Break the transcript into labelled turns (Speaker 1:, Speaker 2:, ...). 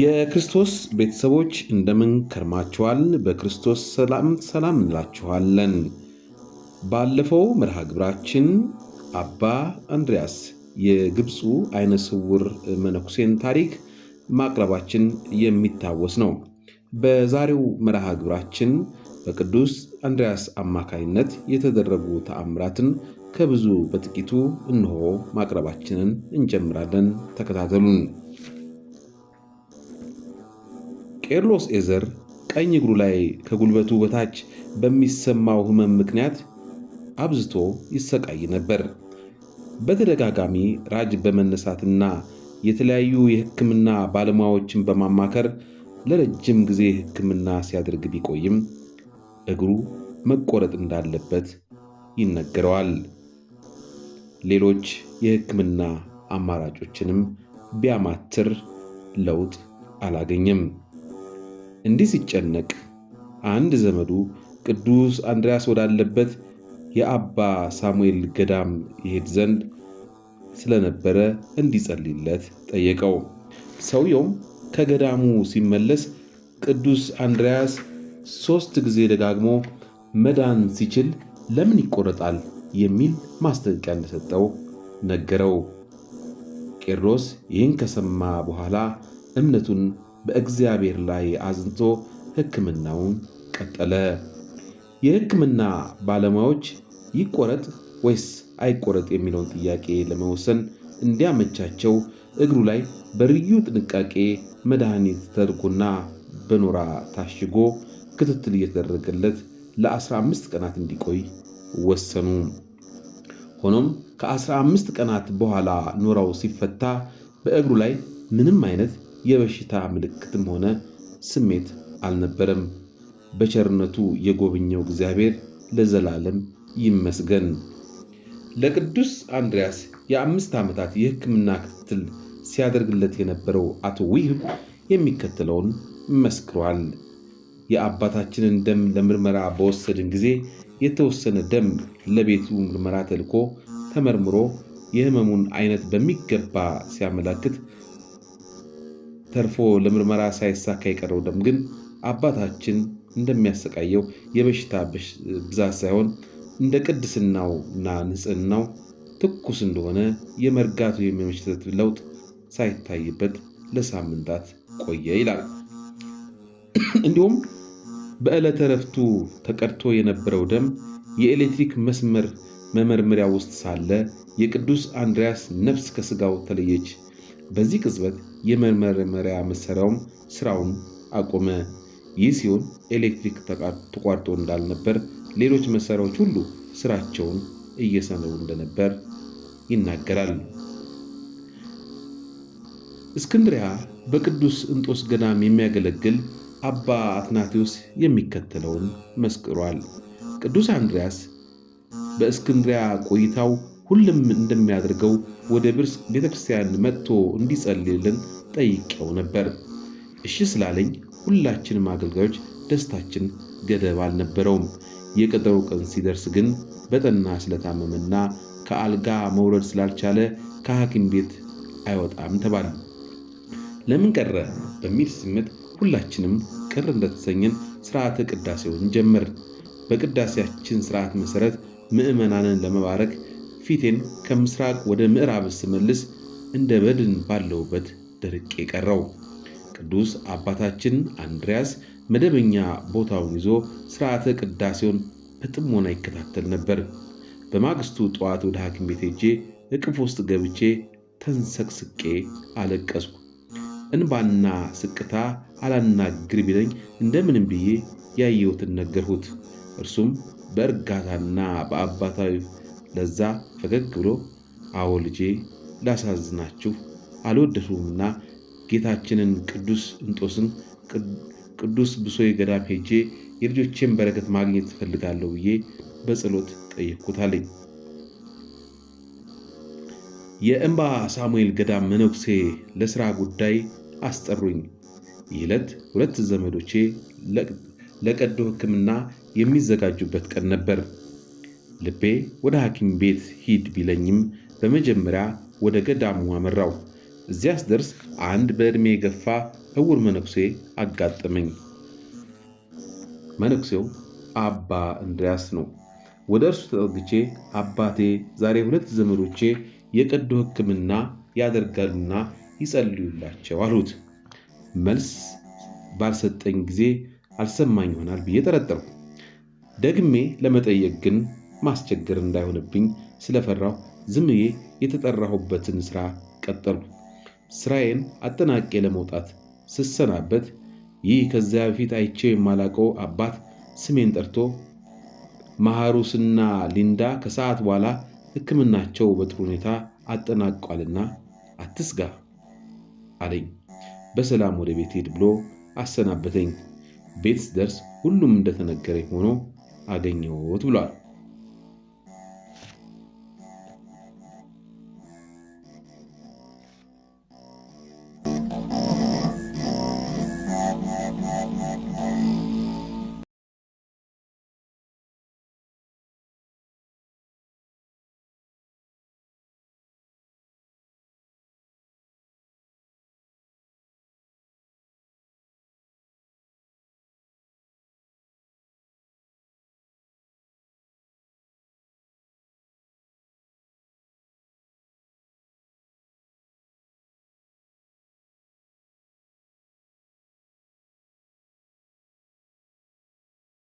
Speaker 1: የክርስቶስ ቤተሰቦች እንደምን ከርማችኋል? በክርስቶስ ሰላም ሰላም እንላችኋለን። ባለፈው መርሃ ግብራችን አባ አንድሪያስ የግብፁ አይነ ስውር መነኩሴን ታሪክ ማቅረባችን የሚታወስ ነው። በዛሬው መርሃ ግብራችን በቅዱስ አንድሪያስ አማካይነት የተደረጉ ተአምራትን ከብዙ በጥቂቱ እንሆ ማቅረባችንን እንጀምራለን። ተከታተሉን። ቄርሎስ ኤዘር ቀኝ እግሩ ላይ ከጉልበቱ በታች በሚሰማው ሕመም ምክንያት አብዝቶ ይሰቃይ ነበር። በተደጋጋሚ ራጅ በመነሳትና የተለያዩ የሕክምና ባለሙያዎችን በማማከር ለረጅም ጊዜ ሕክምና ሲያደርግ ቢቆይም እግሩ መቆረጥ እንዳለበት ይነገረዋል። ሌሎች የሕክምና አማራጮችንም ቢያማትር ለውጥ አላገኘም። እንዲህ ሲጨነቅ አንድ ዘመዱ ቅዱስ አንድሪያስ ወዳለበት የአባ ሳሙኤል ገዳም ይሄድ ዘንድ ስለነበረ እንዲጸልይለት ጠየቀው። ሰውየውም ከገዳሙ ሲመለስ ቅዱስ አንድሪያስ ሦስት ጊዜ ደጋግሞ መዳን ሲችል ለምን ይቆረጣል የሚል ማስጠንቀቂያ እንደሰጠው ነገረው። ቄድሮስ ይህን ከሰማ በኋላ እምነቱን በእግዚአብሔር ላይ አዝንቶ ሕክምናውን ቀጠለ። የሕክምና ባለሙያዎች ይቆረጥ ወይስ አይቆረጥ የሚለውን ጥያቄ ለመወሰን እንዲያመቻቸው እግሩ ላይ በልዩ ጥንቃቄ መድኃኒት ተደርጎና በኖራ ታሽጎ ክትትል እየተደረገለት ለ15 ቀናት እንዲቆይ ወሰኑ። ሆኖም ከ15 ቀናት በኋላ ኖራው ሲፈታ በእግሩ ላይ ምንም አይነት የበሽታ ምልክትም ሆነ ስሜት አልነበረም። በቸርነቱ የጎበኘው እግዚአብሔር ለዘላለም ይመስገን። ለቅዱስ አንድሪያስ የአምስት ዓመታት የሕክምና ክትትል ሲያደርግለት የነበረው አቶ ውህብ የሚከተለውን መስክሯል። የአባታችንን ደም ለምርመራ በወሰድን ጊዜ የተወሰነ ደም ለቤቱ ምርመራ ተልኮ ተመርምሮ የህመሙን አይነት በሚገባ ሲያመላክት ተርፎ ለምርመራ ሳይሳካ የቀረው ደም ግን አባታችን እንደሚያሰቃየው የበሽታ ብዛት ሳይሆን እንደ ቅድስናውና ንጽህናው ትኩስ እንደሆነ የመርጋቱ የሚመሽተት ለውጥ ሳይታይበት ለሳምንታት ቆየ ይላል። እንዲሁም በዕለተ ረፍቱ ተቀድቶ የነበረው ደም የኤሌክትሪክ መስመር መመርመሪያ ውስጥ ሳለ የቅዱስ አንድሪያስ ነፍስ ከስጋው ተለየች። በዚህ ቅጽበት የመመርመሪያ መሳሪያውም ስራውን አቆመ። ይህ ሲሆን ኤሌክትሪክ ተቋርጦ እንዳልነበር፣ ሌሎች መሳሪያዎች ሁሉ ስራቸውን እየሰነው እንደነበር ይናገራል። እስክንድሪያ በቅዱስ እንጦስ ገዳም የሚያገለግል አባ አትናቴዎስ የሚከተለውን መስክሯል። ቅዱስ አንድሪያስ በእስክንድሪያ ቆይታው ሁሉም እንደሚያደርገው ወደ ብርስ ቤተ ክርስቲያን መጥቶ እንዲጸልይልን ጠይቄው ነበር። እሺ ስላለኝ ሁላችንም አገልጋዮች ደስታችን ገደብ አልነበረውም። የቀጠሮ ቀን ሲደርስ ግን በጠና ስለታመመና ከአልጋ መውረድ ስላልቻለ ከሐኪም ቤት አይወጣም ተባለ። ለምን ቀረ በሚል ስሜት ሁላችንም ቅር እንደተሰኘን ስርዓተ ቅዳሴውን ጀመርን። በቅዳሴያችን ስርዓት መሰረት ምዕመናንን ለመባረክ ፊቴን ከምስራቅ ወደ ምዕራብ ስመልስ እንደ በድን ባለውበት ደርቄ ቀረው። ቅዱስ አባታችን አንድሪያስ መደበኛ ቦታውን ይዞ ስርዓተ ቅዳሴውን በጥሞና ይከታተል ነበር። በማግስቱ ጠዋት ወደ ሐኪም ቤት ሄጄ እቅፍ ውስጥ ገብቼ ተንሰቅስቄ አለቀስኩ። እንባና ስቅታ አላናግር ቢለኝ እንደምንም ብዬ ያየሁትን ነገርሁት። እርሱም በእርጋታና በአባታዊ ለዛ ፈገግ ብሎ አዎ ልጄ፣ ላሳዝናችሁ አልወደድሁምና ጌታችንን ቅዱስ እንጦስን ቅዱስ ብሶ ገዳም ሄጄ የልጆቼን በረከት ማግኘት እፈልጋለሁ ብዬ በጸሎት ጠየቅኩት አለኝ። የእምባ ሳሙኤል ገዳም መነኩሴ ለስራ ጉዳይ አስጠሩኝ። ይህ ዕለት ሁለት ዘመዶቼ ለቀዶ ሕክምና የሚዘጋጁበት ቀን ነበር። ልቤ ወደ ሐኪም ቤት ሂድ ቢለኝም በመጀመሪያ ወደ ገዳሙ አመራው። እዚያስ ደርስ አንድ በዕድሜ የገፋ እውር መነኩሴ አጋጠመኝ። መነኩሴው አባ እንድሪያስ ነው። ወደ እርሱ ተጠግቼ አባቴ ዛሬ ሁለት ዘመዶቼ የቀዶ ሕክምና ያደርጋሉና ይጸልዩላቸው አሉት። መልስ ባልሰጠኝ ጊዜ አልሰማኝ ይሆናል ብዬ ጠረጠሩ። ደግሜ ለመጠየቅ ግን ማስቸገር እንዳይሆንብኝ ስለፈራሁ ዝምዬ የተጠራሁበትን ስራ ቀጠሉ። ስራዬን አጠናቄ ለመውጣት ስሰናበት ይህ ከዚያ በፊት አይቼው የማላውቀው አባት ስሜን ጠርቶ ማሃሩስና ሊንዳ ከሰዓት በኋላ ሕክምናቸው በጥሩ ሁኔታ አጠናቋልና አትስጋ አለኝ። በሰላም ወደ ቤት ሄድ ብሎ አሰናበተኝ። ቤት ስደርስ ሁሉም እንደተነገረኝ ሆኖ አገኘሁት ብሏል።